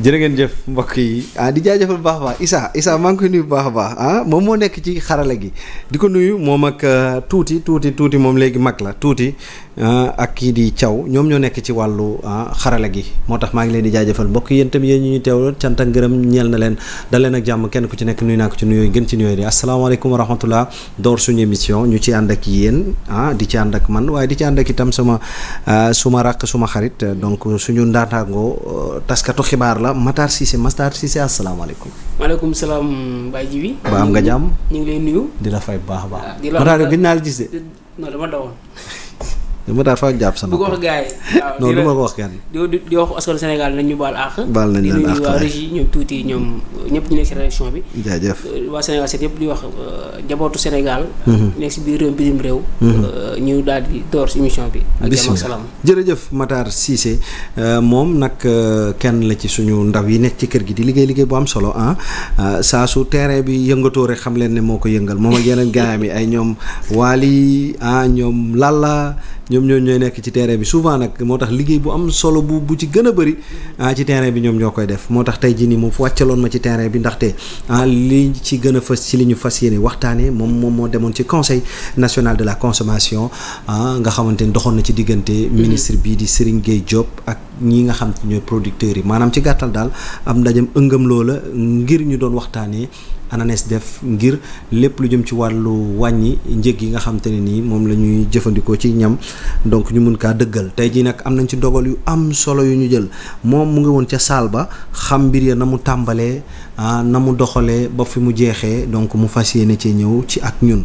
jërë ngeen jëf mbokk yi ah di jaajëfal bu baax a baax Issa Issa maa ngi koy nuyu bu baax a baax ah moom moo nekk ci xarala gi di ko nuyu moom ak ah, tuuti tuuti tuuti moom léegi mag la tuuti Ah, ak kii di Thiaw ñoom ñoo nekk ci wàllu ah, xarala gi moo tax maa ngi leen di jaajëfal mbokk yéen itam yéen ñu ñu teewloon cant ak ngërëm ñeel na leen dal leen ak jàmm kenn ku ci nekk nuyu naa ko ci nuyooyu gën ci nuyooyu door suñu émission ñu ci ànd ak yéen ah di ci ànd ak man waaye di ci ànd ak itam sama ah, suma raq suma xarit donc suñu ndaataangoo euh, taskatu xibaar la Matar Cissé Matar Cissé asalaamaaleykum maaleykum salaam Baye Jibi ba am nga jàmm ñu ngi lay nuyu di la fay bu baax a baax dama daal faa jàpp sama. bu ko wax gars yi waaw ñu baal àq. baal nañ leen àq di nuyu waa régie ñoom tuuti ñoom ñëpp ñu nekk si rédaction bi. jaajëf euh, waa Sénégal seet yëpp di wax euh, njabootu Sénégal. Mhm. nekk si biir réew bitim réew. Mhm. Euh, ñu daal di door si bi. ak jàmm ak salaam jërëjëf Matar Cissé moom nag kenn la ci suñu ndaw yi nekk ci kër gi di liggéey liggéey bu am solo ah saa su terrain bi yëngatoo rek xam leen ne moo ko yëngal moom ak yeneen gars yi ay ñoom Waly ah ñoom ñoo ñooy nekk ci terrain bi souvent nag moo tax liggéey bu am solo bu bu ci gën a bëri ah ci terrain bi ñoom ñoo koy def moo tax tey ji nii mu wàccaloon ma ci terrain bi ndaxte ah, li ci gën a fës ci li ñu fas yéene waxtaanee moom moom moo demoon ci conseil national de la consommation ah nga xamante ni doxoon na ci diggante mm-hmm. ministre bii di Serigne Gueye Diop ak ñi nga xam ñooy producteurs yi maanaam ci gàttal daal am ndajem ëngam loola ngir ñu doon waxtaanee ANANES def ngir lépp lu jëm ci wàllu wàññi njëg yi nga xam te ne nii moom la ñuy jëfandikoo ci ñam donc ñu mun kaa dëggal tey jii nag am nañ ci dogal yu am solo yu ñu jël moom mu ngi woon ca saal ba xam mbir ya na mu tàmbalee ah na mu doxalee ba fi mu jeexee donc mu fas yéene ci ñëw ci ak ñun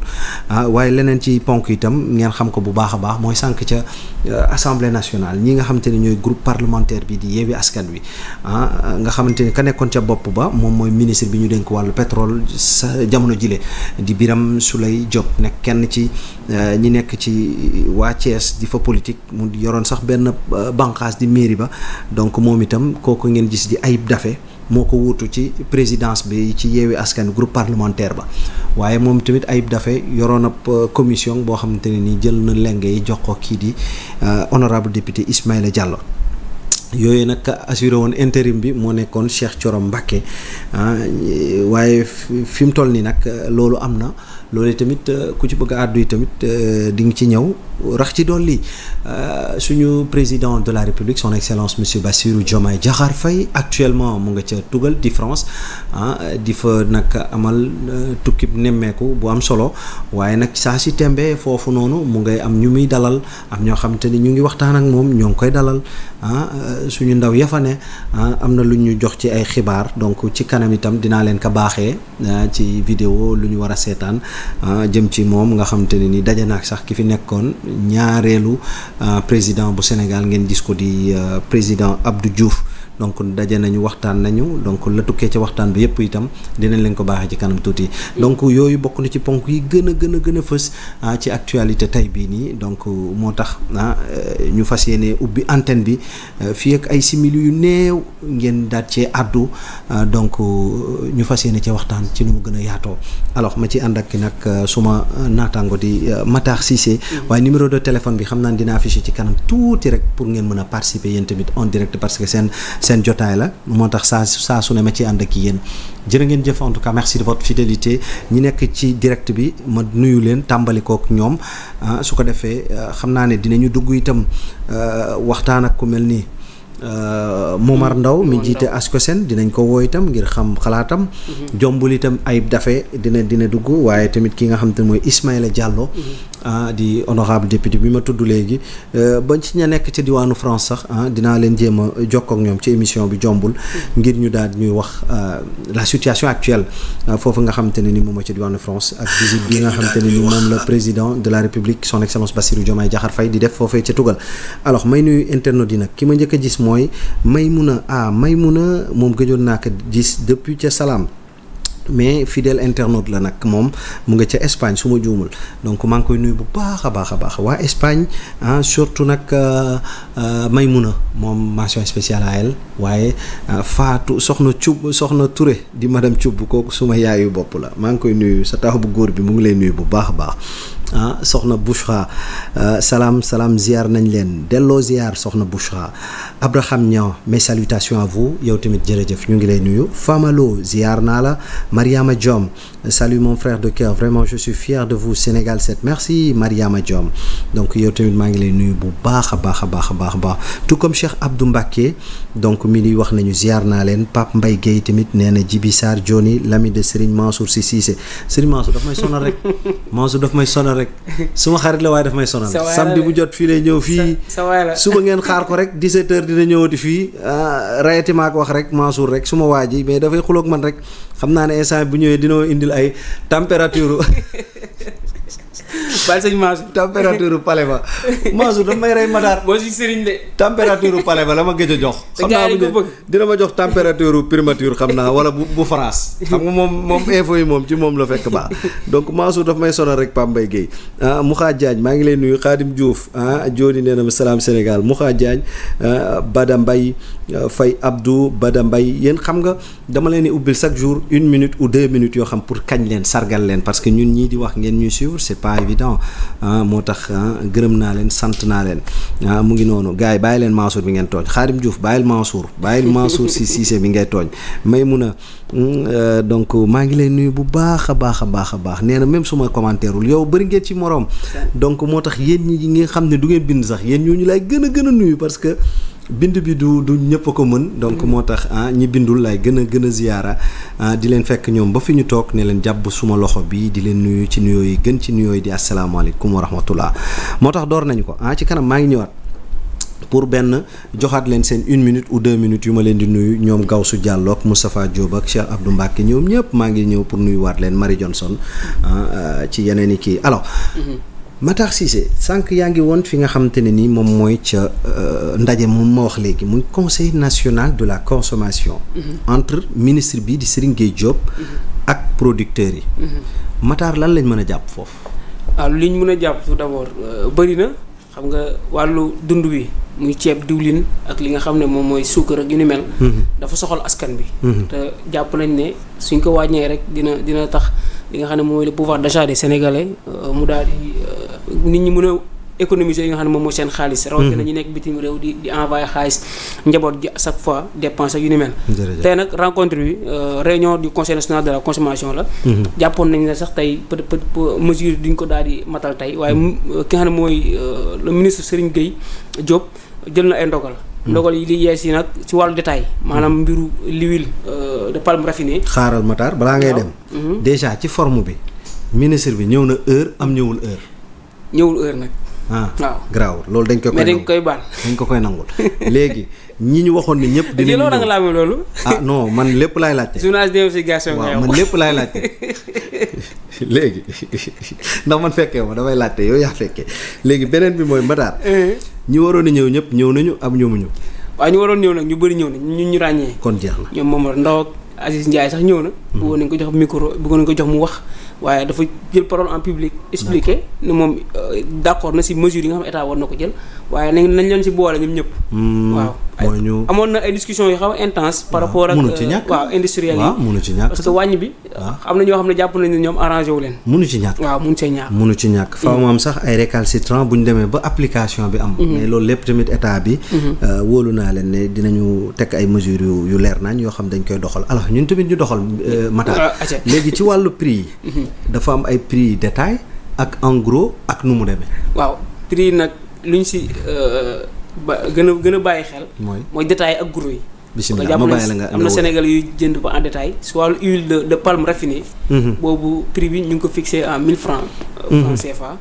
ah waaye leneen ci ponk itam ngeen xam ko bu baax a baax mooy sànq ca euh, assemblée nationale ñi nga xamante ne ñooy groupe parlementaire bi di yeewi askan wi ah nga xamante ne ka nekkoon ca bopp ba moom mooy ministre bi ñu dénk wàllu pétrole sa jamono jile di Birame Souleye Diop nekk kenn ci euh, ñi nekk ci waa Thiès di fa politique mu yoroon sax benn euh, bànqaas di mairie ba donc moom itam kooku ngeen gis di Ayib Daffé moo ko wuutu ci présidence bi ci yeewi askan groupe parlementaire ba waaye moom tamit Ayib Daffé yoroon ab euh, commission boo xamante ne nii jël na leng yi jox ko kii di euh, honorable député Ismaïla Diallo yooyu nag assuré woon intérim bi moo nekkoon Cheikh Thioro Mbacké ah, waaye fi mu toll nii nag euh, loolu am na. loolu tamit euh, ku ci bëgg àddu yi tamit euh, di nga ci ñëw rax ci dolli euh, suñu président de la république son excellence monsieur Bassirou Diomaye Diakhar Faye actuellement mu nga ca tugal di France ah di fa nag amal tukki nemmeeku bu am solo waaye nag saa si tembe foofu noonu mu ngay am ñu muy dalal am ñoo xam te ni ñu ngi waxtaan ak moom ñoo ngi koy dalal ah suñu ndaw yafa ne ah, am na lu ñu jox ci ay xibaar donc ci kanam itam dinaa leen ko baaxee ah, ci vidéo lu ñu war a seetaan Ah, jëm ci moom nga xam te ne ni daje na ak sax ki fi nekkoon ñaareelu ah, président bu Sénégal ngeen gis ko di ah, président Abdou Diouf donc daje nañu waxtaan nañu donc la tukkee ci waxtaan bi yëpp itam dinañ leen ko baaxee ci kanam tuuti donc yooyu bokk na ci ponk yi gën a gën a gën a fës ah, ci actualité tey bii nii donc moo tax ah ñu fas yéene ubbi antenne bi ah, fii ay simili yu néew ngeen daat cee àddu ah, donc ñu fas yéene ci waxtaan mu gën a yaatoo alors ma ci ànd ak nag suma naataango di Matar Cissé mm-hmm. waaye numéro de téléphone bi xam naa dina affiché ci kanam tuuti rek pour ngeen mën a participer yéen tamit en direct parce que seen seen jotaay la moo tax saa saa su ne ma ci ànd ak yéen jërë ngeen jëf en tout cas merci fidélité ñi nekk ci direct bi ma nuyu leen tàmbali kook ñoom ah, su ko defee euh, xam naa ne dinañu dugg itam euh, waxtaan ak ku mel nii Euh, Momar mm-hmm. Ndaw mi jiite ASCOSEN dinañ ko woo itam ngir xam xalaatam mm-hmm. jombul itam Ayib Dafe dina dina dugg waaye tamit ki nga xam te ne mooy Ismaïla Diallo mm-hmm. ah di honorable député bi ma tudd léegi euh, ba ci ña nekk ci diwaanu France sax ah dinaa leen jéem a jokkoo ak ñoom ci émission bi jombul ngir ñu daal ñuy wax ah, la situation actuelle ah, foofu nga xam te ne ni moom ci diwaanu France ak visite bi nga xam la président de la République son excellence Bassirou Diomaye Diakhar Faye di def foofee ca tugal alors may nuyu internautes may a may ah a moom gëjoon naa ko gis depuis ca salaam mais fidèle internaute la nag moom mu nga ca Espagne su ma juumul donc maa ngi koy nuyu bu baax a baax a baax waa Espagne ah surtout nag euh, euh, Maymuna moom mention spéciale à elle waaye euh, Faatu soxna Thioub soxna Touré di madame Thioub kooku suma yaayu bopp la maa ngi koy nuyu sa taw góor bi mu ngi lay nuyu bu baax a baax. ah soxna Bouchra euh, salaam salaam ziar nañ leen delloo ziar soxna Bouchra Abraham Niang mes salutations à vous yow tamit jërëjëf ñu ngi lay nuyu Famalo ziar naa la Mariama Diom salut mon frère de cœur vraiment je fier de vous Sénégal 7 merci Mariama Diom donc yow tamit maa ngi lay nuyu bu baax a baax a baax a baax baax tout comme Cheikh Abdou Mbacké donc mi ni wax nañu ziar naa leen Pape Mbaye Guèye tamit nee na Djibi Sarr Johnny l'ami de Serigne Mansour Sy Cissé Serigne Mansour daf may sonal rek Mansour daf may sonal rek suma xarit la waaye daf may sonal samedi bu jot fii lay ñëw fii suba ngeen xaar ko rek 17 heures dina ñëwati fii ah, rayati maa ko wax rek Mansour rek suma waa ji mais dafay xuloog man rek ay température bàyyi sëñ Mansour température palais ba Mansour damay rey Matar moo si sëriñ de température palais ba la ma gëj a jox xam naa dina ma jox température primature xam naa wala bu bu France xam nga moom moom info moom ci moom la fekk baax donc Mansour daf may sonal rek Pape Mbaye Guèye ah Mouha Diagne maa ngi lay nuyu Khadim Diouf ah jooni nee na ma salaam Sénégal Mouha Diagne ah, Bada Mbaye ah, Faye Abdou Bada Mbaye yéen xam nga dama leen di ubbil chaque jour une minute ou deux minutes yoo xam pour kañ leen sargal que ñun ñii di wax ngeen ñuy suivre c'est pas évident moo tax gërëm naa leen sant naa leen ah, mu ngi noonu gars yi bàyyi leen Mansour bi ngeen tooñ Xaadim Diouf bàyyil Mansour bàyyil Mansour si Cissé bi ngay tooñ may mun a hmm, euh, donc maa ngi leen nuyu bu baax a baax a baax a baax nee na suma commentairewul yow bari ngeen ci moroom donc moo tax yéen ñi nga xam ne du ngeen bind sax yéen ñooñu laay gën a gën a nuyu parce que bind bi du du ñëpp a ko mën donc mm-hmm. moo tax ah ñi bindul laay gën a gën a ziyaara ah, di leen fekk ñoom ba fi ñu toog ne leen jàpp suma loxo bi di leen nuyu ci nuyoo yi gën ci nuyoo yi di asalaamaaleykum wa rahmatullah moo tax door nañu ko ah ci kanam maa ngi ñëwaat pour benn joxaat leen seen une minute ou deux yu ma leen di nuyu ñoom Gawsu Diallo ak Moustapha Diop ak Cheikh Abdou Mbacke ñoom ñëpp maa ngi ñëw pour nuyuwaat leen Marie Johnson ah, ah, ci yeneen i kii alors. Mm-hmm. Matar Cissé sànq yaa ngi woon fi nga xamante ne ni moom mooy ca euh, ndaje moom ma wax léegi muy conseil national de la consommation. Mm-hmm. entre ministre bi di Serigne Gueye Diop. Mm-hmm. ak producteurs yi. Mm-hmm. Matar lan lañ mën a jàpp foofu. waaw ah, liñ mën a jàpp tout d'abord euh, bari na xam nga wàllu dund bi muy ceeb diwlin ak li nga xam ne moom mooy suukar ak yu ni mel. dafa soxal askan bi. te jàpp nañ ne suñ ko wàññee rek dina dina tax li nga xam ne moom mooy le pouvoir d'achat des Sénégalais euh, nit ñi mën a économiser yi nga xam ne moom mooy seen xaalis hmm. rawatina ñu nekk bitim réew di di envoyé xaalis njaboot gi chaque fois dépense yu ni mel tey nag rencontre bi euh, réunion du conseil national de la consommation la hmm. jàppoon nañ ne sax tey peut être mesure duñ ko daal di matal tey waaye hmm. euh, ki nga xam ne mooy euh, le ministre Serigne Gueye Diop jël na ay ndogal ndogal yi li yees yi nag ci wàllu détail maanaam mbiru l'huile de palme raffinée xaaral Matar balaa ngay dem déjà ci forme bi ministre bi ñëw na heure am ñëwul ñëwul heure nag. ah garaaw loolu dañ koy. mais dañ koy baal dañ ko koy nangul léegi ñi ñu waxoon ni ñëpp. dinañ ñëw nga laamee loolu. ah non man lépp laay laajte. journaliste d'investigation waaw man lépp laay laajte léegi ndax man fekkee ma damay laajte yow yaa fekkee léegi beneen bi mooy Matar. Eh. ñi waroon a ñëw ñëpp ñëw nañu am ñëwuñu. waaw ñu waroon ñëw nag ñu bëri ñëw nañ ñu ñu ràññee. kon jeex na ñoom Momar Ndao ak Aziz sax ñëw na. Mm-hmm. buggoon nañ ko jox micro bëggoon nañ ko jox mu wax waaye dafa jël parole en public expliqué ne moom euh, d'accord na si mesures yi nga xam état war na ko jël waaye nañ leen si boole hmm, ñu na ay discussions yu xaw a intense par euh, munu ci ñàkk na ñoo xam ne jàpp nañ ne ñoom arrangé wu leen waaw munu ci ñàkk hmm. faaw mu am sax ay récalcitrant bu ñu demee ba application bi am hmm. mais loolu lépp tamit état bi euh, wóolu naa leen ne dinañu teg ay mesures yu leer nañ yoo xam dañ koy doxal alors ñun tamit ñu doxal mata ah, ah, léegi ci wàllu prix yi dafa am ay prix détail ak en gros ak nu mu demee. waaw prix nag lu ñu si euh, ba gën a gën a bàyyi xel. mooy mooy détail ak gros yi. bisimilah ma bàyyi la am na Sénégal yu jënd ba en détail su wàllu huile de de palme raffinée. Mm-hmm. boobu prix bi ñu ngi ko fixé à 1000 francs. Euh, mm-hmm. franc CFA.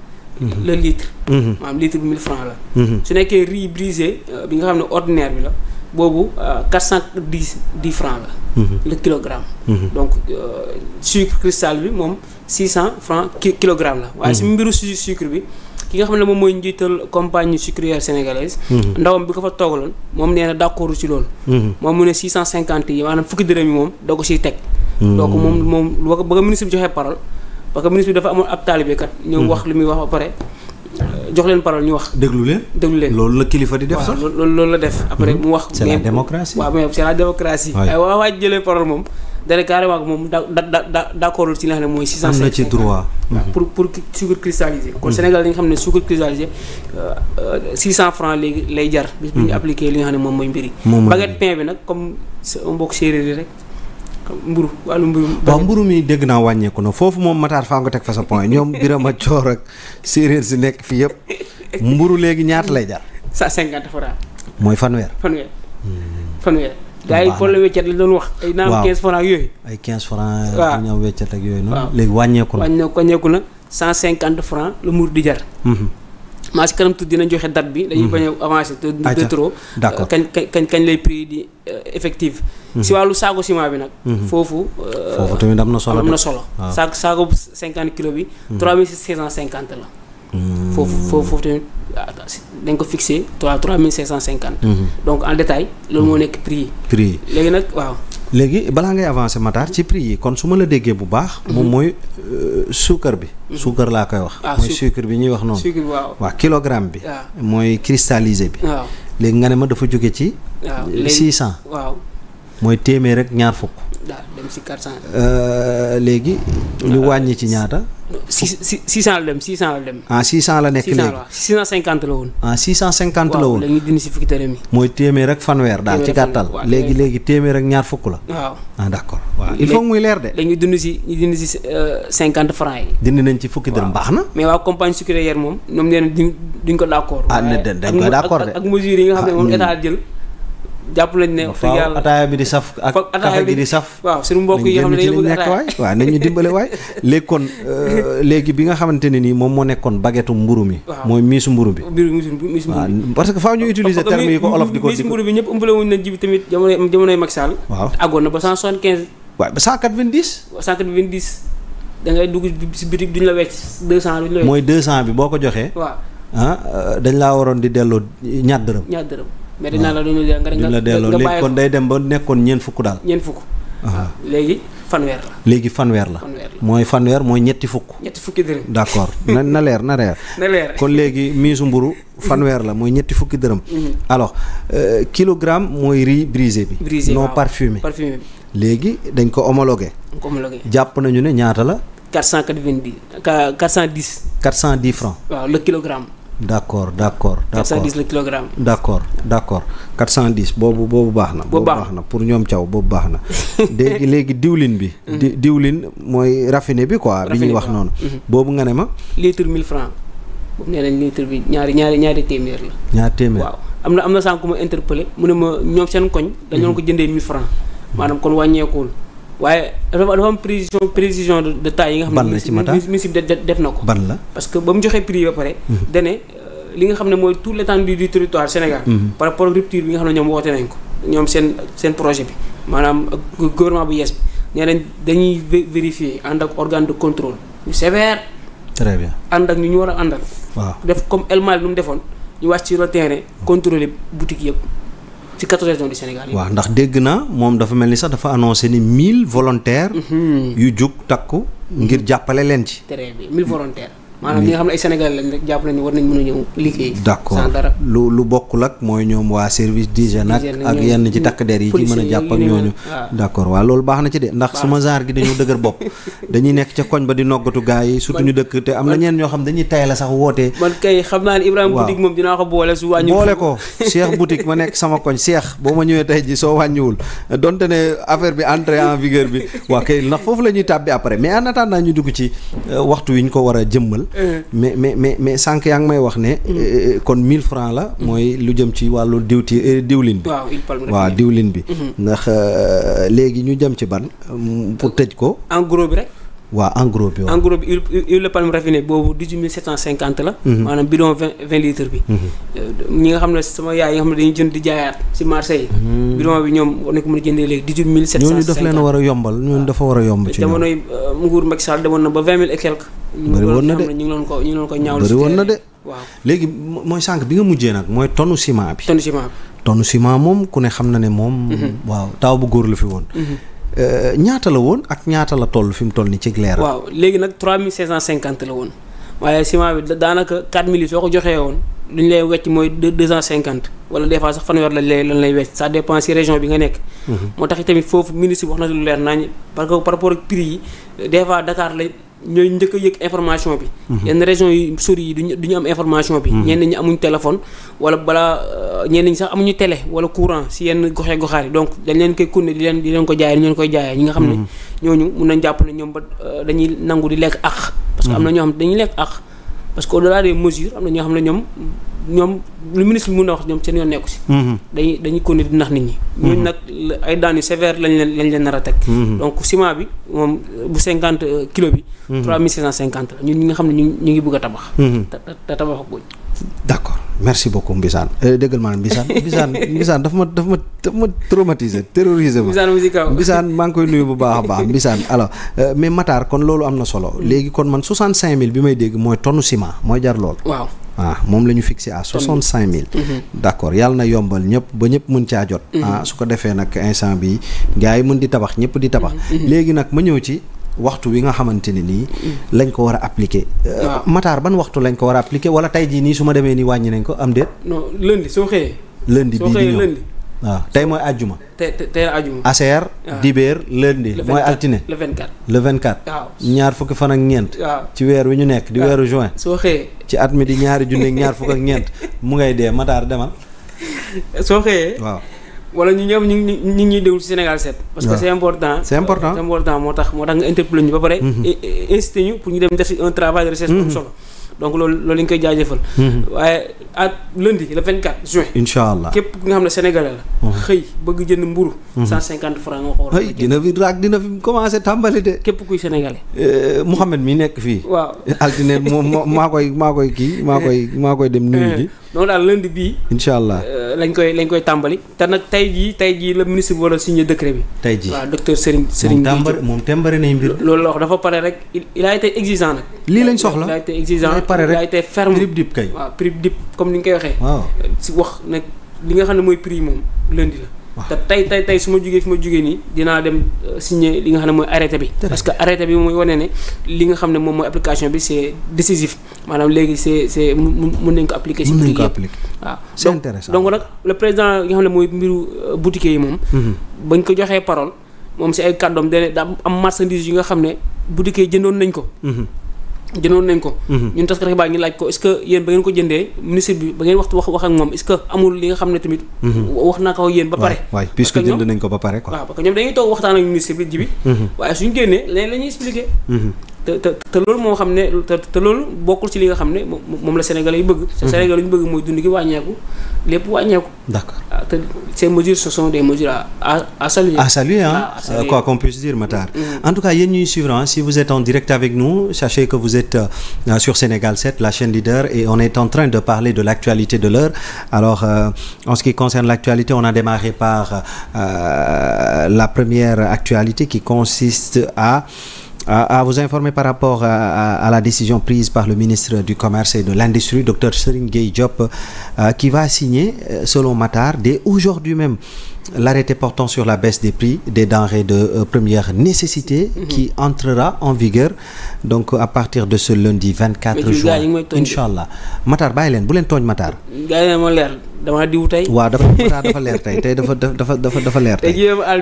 Mm-hmm. le litre. maanaam litre bi 1000 francs la. su nekkee riz brisé euh, bi nga xam ne ordinaire bi la. boobu euh, quatre cent dix dix francs la. Mhm. le kilogramme. Mhm. donc euh, sucre cristal bi moom six cent francs kilogramme la. waaye si mhm. mbiru sucre bi ki nga xam ne moom mooy njiital compagnie sucrière sénégalaise. ndawam bi ko fa toogaloon moom nee na d'accord ci loolu. moom mu ne six cent cinquante yi maanaam fukki dërëm yi moom doo ko siy teg. donc moom moom ba ko ministre bi joxee parole parce que ministre bi dafa amoon ab taalibe ñëw wax li muy wax ba jox leen parole ñu wax. déglu leen déglu leen loolu la kilifa di def sax. loolu la def après mhm. mu wax. c'est la démocratie waaw mais c'est la démocratie. waaw waaw waaj parole moom. dana carrément ak moom da da d'accordul ci li nga xam ne mooy. 650 am na ci droit. Mhm. pour pour sucre cristallisé. kon mhm. Sénégal dañu xam ne sucre cristallisé 600 euh, euh, francs léegi lay jar. bis bu ñu appliqué li nga xam ne moom mooy mbir yi. baguette pain bi nag comme mbokk séeréer yi rek. mburu wàllu mburu waaw mburu mi dégg naa wàññeeku na foofu moom Matar faa nga teg fa sa point ñoom Birama Coor ak séeréer si nekk fii yëpp mburu léegi ñaata lay jar. cent cinquante francs. mooy fanweer. fanweer hmm. fanweer. gaa yi problème weccet la doon wax. ay naam quinze francs ak yooyu. ay quinze francs. waaw ñu am weccet ak yooyu noonu. léegi wàññeeku na wàññeeku na cent cinquante francs la mburu di jar. Hmm. maa si kanam tudd dina joxe date bi. dañuy mhm. bañ a avancer de de trop. d'accord kañ kañ kañ lay prix di euh, effective. Mhm. si wàllu saago ciment bi nag. Mhm. foofu. Euh, foofu tamit am na solo am na solo. saago saago 50 kilo bi. cinquante la. foofu foofu foofu tamit dañ ko fixé 3 cinquante donc en détail loolu moo nekk prix yi. prix yi léegi nag waaw. léegi balaa ngay avancer Matar ci prix yi kon su ma la déggee bu baax. moom mhm. mooy euh, suukar bi. Mhm. suukar laa koy wax. Ah, mooy suukar bi ñuy wax noonu. waa waaw kilogramme bi. Ah. mooy cristallisé bi. Ah. léegi nga ne ma dafa jóge ci. waaw léegi 600. waaw mooy téeméer rek ñaar fukk. dem si 400. Euh, léegi ñu euh, wàññi ci ñaata. six six 600 la dem 600 la dem. ah 600 la nekk léegi 600 waaw 650 la woon. ah 650 la woon mooy téeméer ak fanweer daal ci gàttal. léegi léegi téeméer ak ñaar fukk la. waaw ah d' accord waaw il faut muy leer de. léegi dindi si ñu dindi si euh, yi. dindi nañ ci fukki dërëm baax na. mais waa compagnie sucrière moom ñoom nee na duñ ko d' accord. Ah, de ak mesure nga xam ne ah, moom mm. état jël. jàpp nañ ne. wax dëgg yàlla ataaya bi di saf. ak kafe gi di saf. waaw suñu mbokk yi nga xam ne dañu nekk waay waaw nañ ñu dimbale waay léegi kon euh, léegi bi nga xamante ne nii moom moo nekkoon baguette mburu mi. waaw mooy miisu mburu bi. miisu mburu bi parce que faaw ñu utiliser terme yi ko olof di ko miisu mburu bi ñëpp ëmbale wuñ nañ ji bi tamit jamono jamonoy Macky Sall. waaw àggoon na ba 175. waaw ba 190. 190 da ngay dugg si bitik duñ la wecc 200 duñ la wecc. mooy 200 bi boo ko joxee. waaw ah euh, dañ laa waroon di delloo ñaar dërëm. ñaar dërëm mais dañ naan la doon nga nga nga bàyyi kon day dem ba nekkoon ñeent fukk daal. léegi fanweer la. la. mooy fanweer mooy ñetti fukk. ñetti fukki dërëm. d' accord na na leer na leer. na leer kon léegi miisu mburu fanweer la mooy ñetti fukki dërëm. Mhm. alors euh, kilogramme mooy riz brisé bi. brisé non parfumé. parfumé bi léegi dañ ko homologué. dañ jàpp nañu ne ñaata la. 490 410. 410 francs. waaw le kilogramme. d' accord d' accord. d' accord 410 le kilogramme. d' accord d' accord 410 boobu boobu baax na. boobu baax na pour ñoom caw boobu baax na. léegi léegi diwlin bi. Mm-hmm. di diwlin mooy raffiné bi quoi. bi ñuy wax noonu. Mm-hmm. boobu nga ne ma. litre 1000 francs boobu nee nañ litre bi ñaari ñaari ñaari téeméer la. ñaari téeméer waaw am na am na sànq ma interpellé mu ne ma ñoom seen koñ. dañoo ko jëndee 1000 francs mm-hmm. maanaam kon wàññeekuwul. waaye dafa dafa am précision précision de taille yi nga. ban la ci mata xam ne municipal def na ko. ban la parce que ba mu joxee prix ba pare. Mhm. dane euh, li nga xam ne mooy tout l'étendue du territoire Sénégal. Mhm. par rapport rupture bi nga xam ne ñoom woote nañ ko ñoom seen seen projet bi maanaam euh, gouvernement bu yees bi nee nañ dañuy vérifier ànd ak organe de contrôle ñu sévère. très ànd ak ñu ñu war a àndal. waaw def comme El lu nu mu defoon ñu wàcc sur le terrain mhm. contrôler boutique yëpp. ci quatorze régions Sénégal yi. ndax dégg na moom dafa mel ni sax dafa annoncé ni mille volontaires. Mhm. yu jug takku ngir jàppale leen ci. très bien mille maanaam ñi nga xam ne ay sénégalais lañ ñëw liggéey. d'accord lu lu bokkul ak mooy ñoom waa service d'hygiène ak ak yenn ci takk der yi ci mën a jàpp ak ñooñu d'accord waaw loolu baax na ci de ndax sama genre gi dañu dëgër bopp dañuy nekk ca koñ ba di noggatu gars yi surtout ñu dëkk te am na ñeen ñoo xam dañuy tay la sax wootee man kay xam naa ne Ibrahima boutique moom dinaa ko boole su wàññu boole ko Cheikh boutique ma nekk sama koñ Cheikh boo ma ñëwee tey ji soo wàññiwul donte ne affaire bi entrée en vigueur bi waa kay ndax foofu la ñuy tàbbi après mais en attendant ñu dugg ci euh, waxtu wi ñu ko war a jëmmal mais mais mais mais sànq yaa ngi may wax ne. Mm. Euh, euh, kon mille francs la. Mm. mooy lu jëm ci wàllu diwti euh, diwlin bi. waaw diwlin bi. Mm-hmm. ndax léegi ñu jëm ci ban pour tëj ko. en bi rek. waaw en gros bi en gros u huile de palme raffinée boobu dix huit la. Mm-hmm. maanaam bidon vingt bi. Mm-hmm. ñi nga xam ne sama yaay yi nga xam ne dañuy jënd di jaayaat si marché yi. bidon bi ñoom war nañ ko mën a jëndee léegi ñooñu daf leen war a yombal ñooñu dafa war a yomb. ci ñoom nguur Macky Sall demoon na ba vingt mille et bëri woon na de ñu ngi doon ko ñu ngi doon ko ñaawlu mooy sànq bi nga mujjee nag mooy tonu ciment bi. tonu ciment tonu ciment moom ku ne xam na ne moom. Mhm. waaw taaw bu góor la fi woon. Mhm. Euh, ñaata la woon ak ñaata la toll fi mu toll nii ci leeral. léegi nag 3550 la woon waaye ciment bi daanaka 4000 yi soo ko joxee woon lu ñu lay wecc mooy 250 wala des fois sax fanweer lañ lay lan lay wecc ça dépend si région bi nga nekk. Mhm. ñooy njëkk yëg information bi. Mhm. yenn régions yi sori yi duñu duñu am information bi. Mhm. ñenn ñi amuñu téléphone wala balaa euh, ñeen ñi sax amuñu télé wala courant si yenn goxee goxaar yi donc dañ leen koy kunne di leen di leen ko jaaye ñu leen koy jaayee ñi nga xam ne. Mhm. ñooñu mun nañ jàpp ne ñoom ba euh, dañuy nangu di lekk àq. parce que am na ñoo xam dañuy lekk àq parce que au delà des mesures am na ñoo xam ne ñoom. ñoom lu ministre bi mun a wax ñoom seen yoon nekku si mhm. dañuy dañuy continuer di nax nit ñi ñun mhm. nag ay daan yu sévère lañ leen lañ leen nar a teg mhm. donc ciment bi moom bu cinquante euh, kilo bi trois mille six la ñun ñi nga xam ne ñu ñu ngi bugg a tabax te tabax ak d'accord merci beaucoup Mbisaan euh, déggal maanaam Mbisaan Mbisaan Mbisaan dafa ma dafa ma dafa ma traumatisé terrorisé ma Mbisaan maa ngi koy nuyu bu baax a baax Mbisaan alors euh, mais Matar kon loolu am na solo mm. léegi kon man 65000 bi may dégg mooy tonne ciment mooy jar loolu waaw ah moom la ñu fixé à soixante cinq mille mhm. d' accord yàlla na yombal ñëpp ba ñëpp mën caa jot mhm. ah su ko defee nag instant bi gars yi mën di tabax ñëpp di tabax mhm. léegi nag ma ñëw ci waxtu wi nga xamante ne nii lañ ko war a appliquer euh, Matar ban waxtu lañ ko war a appliquer wala tey jii nii su ma demee nii wàññi nañ ko am déet non lundi soo xëyee lundi bii di ñëw waaw tey mooy àjjuma. tey tey la àjjuma. ACR. Ah. dibeer lundi. mooy altine le 24 le 24. waaw ñaar fukki fan ak ñeent. ci weer wi ñu nekk di weeru juin. soo xëyee ci at mi di ñaari junne ñaar fukk ak ñeent mu ngay dee Matar demal. soo xëyee. waaw wala ñu ñëw ñu ngi ñu ñuy déglu ci Sénégal 7. parce que c' est important. c' important moo tax moo tax nga interpellé ñu ba pare. Mhm. incité ñu pour ñu dem def un travail de recherche. am mhm. solo. donc loolu loolu ñu koy jaajëfal. Mm-hmm. waaye à lundi le 24 juin. incha allah képp ku nga xam ne sénégalais la. Mm-hmm. xëy bëgg jënd mburu 150 mm-hmm. francs nga ko war a dina fi raak dina fi commencé tàmbali de. képp kuy sénégalais. Eh, Mouhamed mi nekk fii. waaw altine moom maa koy maa koy kii maa eh. koy maa koy dem nuyu yi eh. donc daal lënd bii. incha allah. Euh, lañ koy lañ koy tàmbali te nag tey jii tey jii la ministre bi war a signé décret bi. tey jii waaw docteur Serigne Serigne. moom moom tàmbali nañ mbir. loolu la wax dafa pare rek il a été exigeant nag. lii lañ soxla il a été exigeant il a été ferme prip dip kay. waaw prip dip comme ni nga koy waxee. waaw si wax nag li nga xam ne mooy prix moom lundi la. te tey tey tey su ma jugee fi ma jugee nii dinaa dem euh, signer li nga xam ne mooy arrêté bi. parce que arrêté bi mooy wane ne li nga xam ne moom mooy application bi c'est décisif maanaam léegi c'est c'est mun nañ ko appliquer. si boutique yëpp waaw c'est intéressant donc nag le président li nga xam ne mooy mbiru euh, boutique yi moom. Mhm. ñu ko joxee parole moom si ay kàddoom daa am marchandise yi nga xam ne boutique jëndoon nañ ko. Mhm. jëndoon nañ ko mhm. ñun taskati xibaar ñu laaj ko est-ce ba ngeen ko jëndee ministre bi ba ngeen waxtu wax wax ak moom est amul li nga xam ne tamit mhm. wax naa ko yéen ba pare waaw puisque jënd nañ ko ba pare waaw parce que ñoom dañuy toog waxtaan ak ministre bi ji bi mhm. waaye suñu génnee léeg la expliquer te te te loolu moo xam ne te te loolu bokkul ci li nga xam ne moom la Sénégalais yi bëgg. Mhm. Sénégalais yi ñu bëgg mooy dund gi wàññeeku lépp wàññeeku. d'accord ah, te ces mesures ce sont des mesures à à saluer. à saluer ah euh, quoi qu'on puisse dire Matar. Mhm. en tout cas yéen ñuy suivre si vous êtes en direct avec nous sachez que vous êtes euh, sur Sénégal 7 la chaîne leader et on est en train de parler de l'actualité de l'heure alors euh, en ce qui concerne l'actualité on a démarré par la première actualité qui consiste à vous informer par rapport à, à, la décision prise par le ministre du Commerce de l'Industrie, Dr Serigne Gueye Diop, euh, qui va signer, euh, selon Matar, dès aujourd'hui même, l'arrêté portant sur la des prix des denrées de euh, première nécessité mmh. qui entrera en vigueur donc à partir de ce lundi juin. Inch'Allah Matar bàyyi leen bu leen tooñ Matar. damaa diw tey waa dafa mataar dafa leer tey tey dafa dafa dafa dafa leer tey jéem al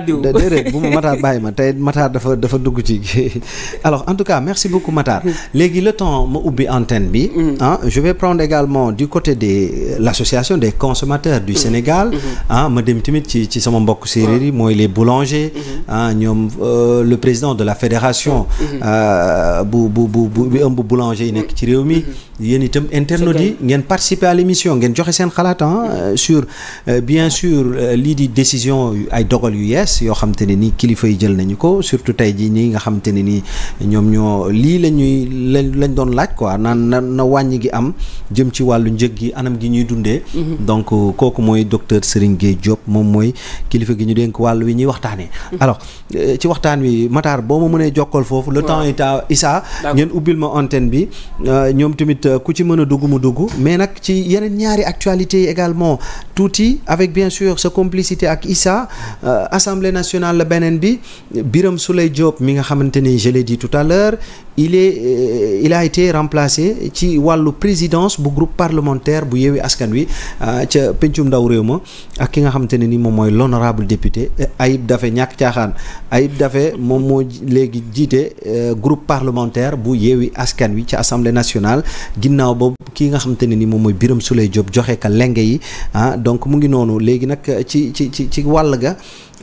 ma mataar bàyyi ma dafa dugg ci alors en tout cas merci beaucoup mataar léegi le temps ma ubbi antenne bi mm-hmm. ah je vais prendre également du côté de l'association des consommateurs du mm-hmm. Sénégal mm-hmm. ah ma dem tamit ci ci sama mbokk séeréer yi mooy les boulangers ah ñoom euh, le président de la fédération euh, bu bu bu bu ëmb boulanger yi nekk ci réew mi yéen itam internautes yi ngeen participer à l'émission ngeen joxe seen xalaat ah. Euh, sur euh, bien sûr euh, lii di décision ay dogal yu yees yoo xam te ne nii kilifa yi jël nañu ko surtout tey jii nii nga xam te ne nii ñoom ñoo lii la ñuy lañ doon laaj quoi naan na na wàññi gi am jëm ci wàllu njëg gi anam gi ñuy dundee. Mm-hmm. donc kooku mooy docteur Serigne Gueye Diop moom mooy kilifa gi ñu dénk wàll wi ñuy waxtaanee. Mm-hmm. alors ci waxtaan wi Matar boo ma mënee jokkal foofu. le temps ita Issa. ngeen ubbil ma antenne bi ñoom tamit ku ci mën a dugg mu dugg mais Darmon tuuti avec bien sûr sa complicité ak Issa euh, assemblée nationale la beneen bi Birame Souleye Diop mi nga xamante ni je l'ai dit tout à l'heure il est euh, il a remplacé ci wàllu présidence bu groupe parlementaire bu Yewwi Askan Wi euh, ca pencum ndaw réew ma ak ki nga xamante ne ni moom mooy l'honorable député euh, Ayib Daffé ñàkk caaxaan Ayib moom moo léegi jiite groupe parlementaire bu Yewwi Askan Wi ci assemblée nationale ginnaaw boobu ki nga xamante ne ni moom mooy Birame Souleye Diop joxe ka leng yi ah donc mu ngi noonu léegi nag eh, ci ci ci ci wàll ga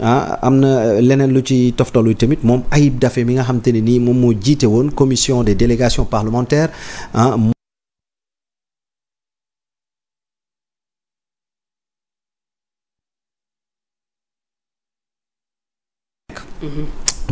ah, am na eh, leneen lu ci toftalu tamit moom Ayib Daffé mi nga xam te ne nii moom moo jiite woon commission des délégation parlementaires ah mm-hmm.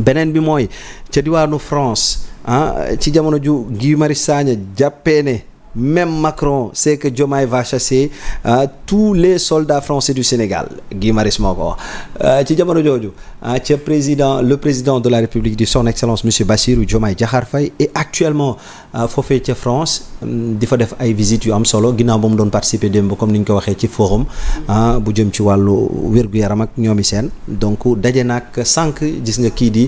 beneen bi mooy ca diwaanu France ah ci jamono ju Guy Marius Sagna jàppee ne même Macron sait que Diomaye va chasser euh, tous les soldats français du Sénégal Guy Marius moo ko wax ci jamono jooju euh, ca président le président de la République du son excellence monsieur Bassirou Diomaye Diakhar Faye et actuellement Euh, foofee ca France mm, di fa def ay visites yu am solo ginnaaw ba mu doon participer démb comme ni ñu ko waxee ci forum ah, bu jëm ci wàllu wér-gu-yaram ak ñoomi seen donc daje nag sànq gis nga kii di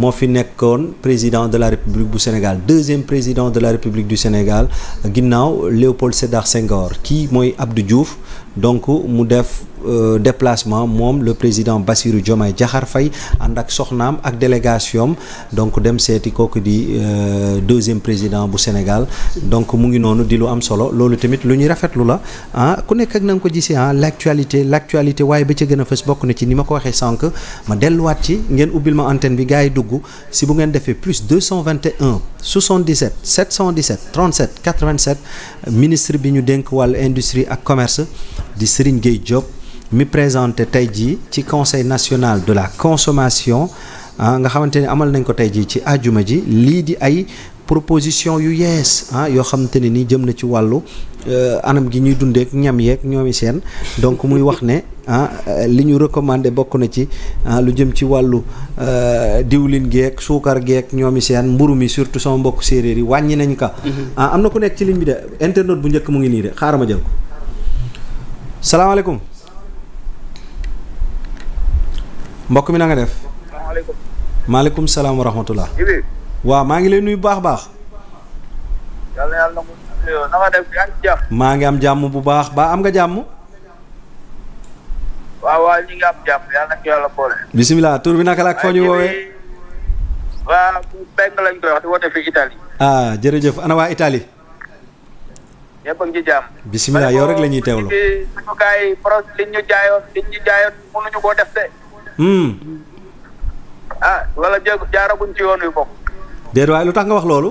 moo fi nekkoon président de la République bu Sénégal deuxième président de la République du Sénégal ginnaaw Léopold Sédar Senghor kii mooy Abdou Diouf donc mu def euh, déplacement moom le président Bassirou Diomaye Diakhar fay ànd ak soxnaam ak délégation donc dem seeti kooku di euh, deuxième président bu Sénégal donc mu ngi noonu di lu am solo loolu tamit lu ñuy rafetlu la ah ku nekk ak na nga ko gisee ah l' actualité waaye ba ca gën a fës bokk na ci ni ma ko waxee sànq ma delluwaat ci ngeen ubbil ma antenne bi gars yi dugg si bu ngeen defee plus 221 77 717 37 87 ministre bi ñu dénk wàllu industrie ak commerce. di Serigne Gueye Diop mi présenté tey jii ci conseil national de la consommation ah, nga xamante ni amal nañ ko tey jii ci àjjuma ji lii di ay proposition yu yees ah yoo xamante ne ni jëm na ci wàllu eh, anam gi ñuy dundeek ñam yeeg ñoomi seen donc muy wax ne ah li ñu recommandé bokk na ci ah, lu jëm ci wàllu eh, diwlin geek suukar geek ñoomi seen mburu mi surtout sama mbokk séeréer yi wàññi nañ ko. Mm-hmm. ah am na ko nekk ci ligne bi de internet bu njëkk mu ngi nii de xaaral ma jël ko. salaamaaleykum mbokk mi na nga def. maaleykum. maaleykum salaam wa waaw maa ngi lay nuyu baax a baax. yàlla yàlla maa ngi am jàmm bu baax ba am nga jàmm. waaw waaw ñu ngi bisimilah tur bi naka la ak foo ñu woowee. waaw Mbengue ah, jërëjëf ana waa Italie. ñëpp a ngi ci jàmm. bisimilah yow rek la ñuy teewlu suñu gars yi projet liñ ñu jaayoon liñ ñu jaayoon mënuñu koo def de. Hmm. ah wala jé jaaraguñ ci yoon wi bokk. déet waaye lu tax nga wax loolu.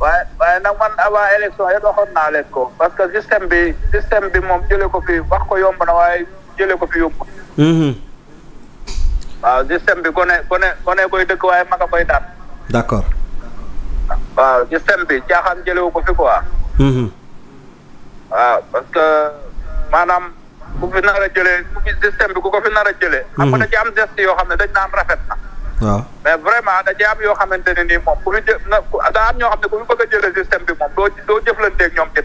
waaye waaye ndax man avant élection yëpp waxoon naa leen ko parce que système bi système bi moom jële ko fi wax ko yomb na waaye jëlee ko fi yomb. Hmm. waaw système bi gone gone gone koy dëkk waaye maga koy daan. d'accord. waaw système bi caaxaan jëlewu ko fi quoi. Hmm. waaw parce que maanaam ku fi nar a jëlee ku fi système bi ku ko fi nar a jëlee. xam nga mhm. da ci am geste yoo xam ne dañ naan rafet na. waaw mais vraiment da ci am yoo xamante ne nii mom ku fi jë na daa am ñoo xam ne ku fi bëgg a jëlee système bi moom doo doo jëflanteeg ñoom ci